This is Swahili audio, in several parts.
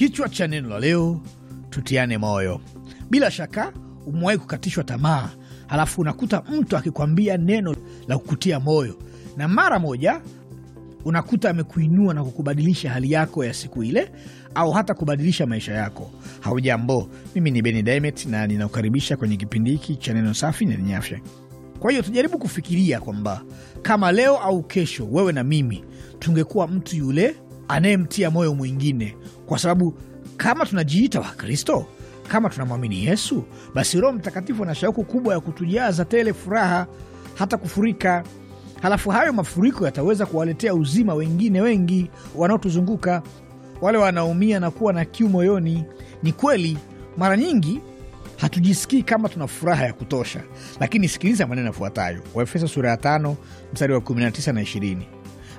Kichwa cha neno la leo, tutiane moyo. Bila shaka umewahi kukatishwa tamaa, halafu unakuta mtu akikwambia neno la kukutia moyo, na mara moja unakuta amekuinua na kukubadilisha hali yako ya siku ile, au hata kubadilisha maisha yako. Haujambo, mimi ni Beni Dimet na ninakukaribisha kwenye kipindi hiki cha neno safi na lenye afya. Kwa hiyo tujaribu kufikiria kwamba kama leo au kesho, wewe na mimi tungekuwa mtu yule anayemtia moyo mwingine kwa sababu kama tunajiita Wakristo, kama tunamwamini Yesu, basi Roho Mtakatifu ana shauku kubwa ya kutujaza tele furaha hata kufurika. Halafu hayo mafuriko yataweza kuwaletea uzima wengine wengi wanaotuzunguka, wale wanaumia na kuwa na kiu moyoni. Ni kweli mara nyingi hatujisikii kama tuna furaha ya kutosha, lakini sikiliza maneno yafuatayo, Waefeso sura ya 5 mstari wa 19 na 20: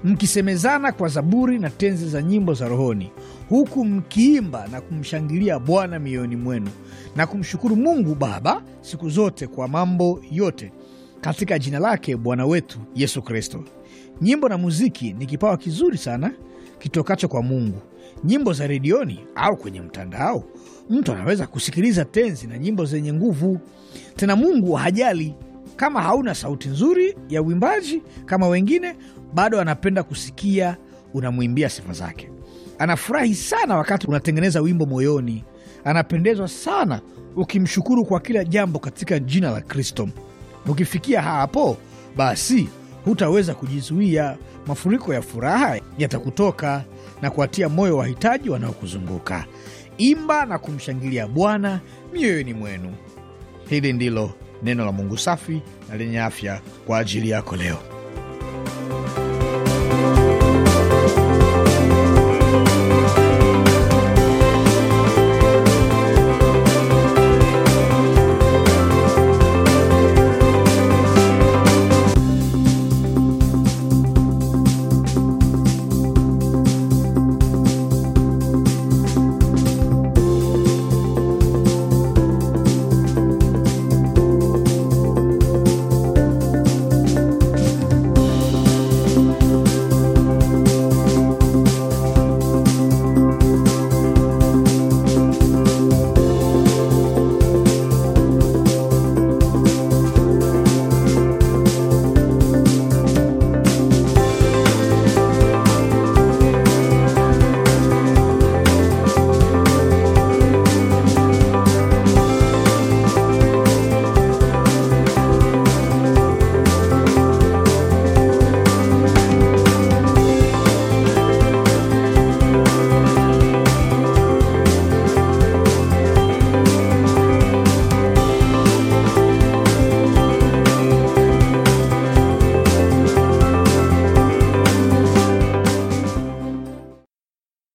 mkisemezana kwa zaburi na tenzi za nyimbo za rohoni, huku mkiimba na kumshangilia Bwana mioyoni mwenu na kumshukuru Mungu Baba siku zote kwa mambo yote katika jina lake Bwana wetu Yesu Kristo. Nyimbo na muziki ni kipawa kizuri sana kitokacho kwa Mungu. Nyimbo za redioni au kwenye mtandao, mtu anaweza kusikiliza tenzi na nyimbo zenye nguvu. Tena Mungu hajali kama hauna sauti nzuri ya uimbaji kama wengine, bado anapenda kusikia unamwimbia sifa zake anafurahi sana wakati unatengeneza wimbo moyoni, anapendezwa sana ukimshukuru kwa kila jambo katika jina la Kristo. Ukifikia hapo, basi hutaweza kujizuia. Mafuriko ya furaha yatakutoka na kuatia moyo wahitaji wanaokuzunguka. Imba na kumshangilia Bwana mioyoni mwenu. Hili ndilo neno la Mungu safi na lenye afya kwa ajili yako leo.